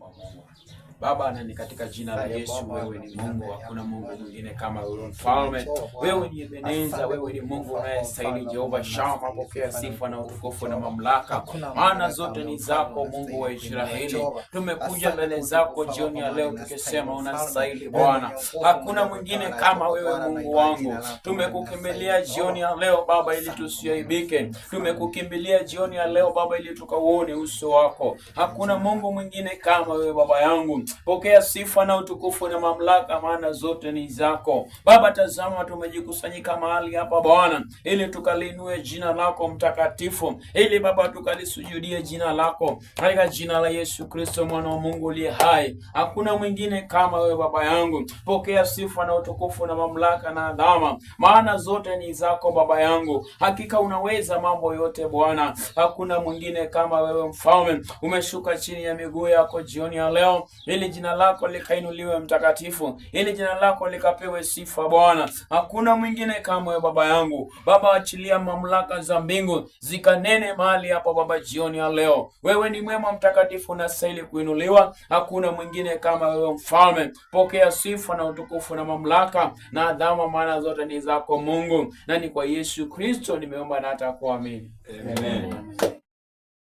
Blah, blah, blah. Baba, na ni katika jina la Yesu, wewe ni Mungu, hakuna Mungu mwingine kama wewe. Mfalme wewe ni Ebeneza, wewe ni Mungu unayestahili. Jehova Shama, pokea sifa na utukufu na mamlaka, maana zote ni zako, Mungu wa Israeli. Tumekuja mbele zako jioni ya leo tukisema unastahili Bwana, hakuna mwingine kama wewe Mungu wangu. Tumekukimbilia jioni ya leo Baba ili tusiaibike, tumekukimbilia jioni ya leo Baba ili tukauone uso wako. Hakuna Mungu mwingine kama wewe Baba yangu. Pokea sifa na utukufu na mamlaka, maana zote ni zako Baba. Tazama, tumejikusanyika mahali hapa Bwana, ili tukaliinue jina lako mtakatifu, ili Baba tukalisujudie jina lako, katika jina la Yesu Kristo mwana wa Mungu uliye hai. Hakuna mwingine kama wewe Baba yangu. Pokea sifa na utukufu na mamlaka na adhama, maana zote ni zako Baba yangu. Hakika unaweza mambo yote Bwana, hakuna mwingine kama wewe Mfalme. Umeshuka chini ya miguu yako jioni ya leo ili ili jina lako likainuliwe mtakatifu, ili jina lako likapewe sifa Bwana. Hakuna mwingine kamwe baba yangu. Baba, achilia mamlaka za mbingu zikanene mahali hapa Baba jioni ya leo. Wewe ni mwema, mtakatifu, unastahili kuinuliwa. Hakuna mwingine kama wewe Mfalme. Pokea sifa na utukufu na mamlaka na adhama, maana zote ni zako Mungu, na ni kwa Yesu Kristo nimeomba na hata kuamini. Amen.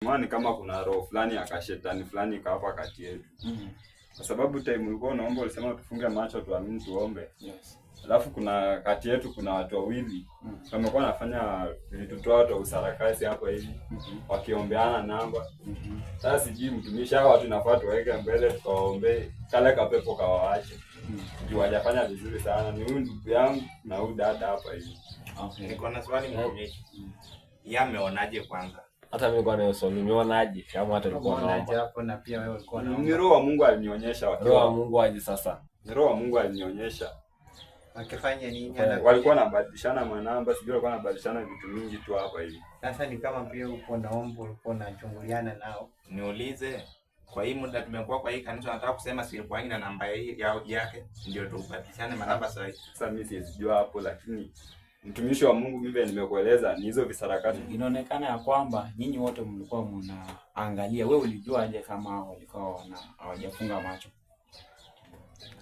Amen. Kama kuna roho fulani ya kashetani fulani kawapa kati yetu mm-hmm. Kwa sababu time ulikuwa unaomba ulisema tufunge macho tuamini tuombe. Yes. Alafu kuna kati yetu kuna watu wawili mm. wamekuwa wanafanya vitutoa toa usarakasi hapo hivi mm -hmm. wakiombeana namba mm -hmm. Sasa sijui mtumishi hao watu nafaa tuweke mbele tukaombe kale kapepo kawaache mm. juu wajafanya vizuri sana. Ni huyu ndugu yangu na huyu dada hapa hivi. Okay. Niko na swali oh. mtumishi. Yeye ameonaje kwanza? hata mimi kwa nayo somo nimeonaje kama hata nilikuwa naonaje hapo na pia wewe ulikuwa na ni roho wa Mungu alinionyesha wakiwa roho wa Mungu aje sasa ni roho wa Mungu alinionyesha akifanya nini ana walikuwa wanabadilishana manamba sijui walikuwa wanabadilishana vitu mingi tu hapa hivi sasa ni kama pia uko na ombo uko na chunguliana nao niulize kwa hii muda tumekuwa kwa hii kanisa nataka kusema silikuangi na namba hii yake ndio tupatishane manamba sasa mimi sijui hapo lakini mtumishi wa Mungu, mimi nimekueleza ni hizo visarakati. Inaonekana ya kwamba nyinyi wote mlikuwa mnaangalia. Wewe ulijua aje kama walikuwa wana hawajafunga macho?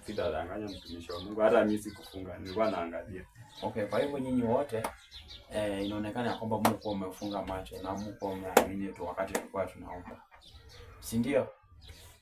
Sitadanganya mtumishi wa Mungu, hata mimi sikufunga, nilikuwa naangalia. Okay, kwa hivyo nyinyi wote eh, inaonekana ya kwamba mlikuwa mmefunga macho na mlikuwa mnaamini tu wakati tulikuwa tunaomba, si ndio?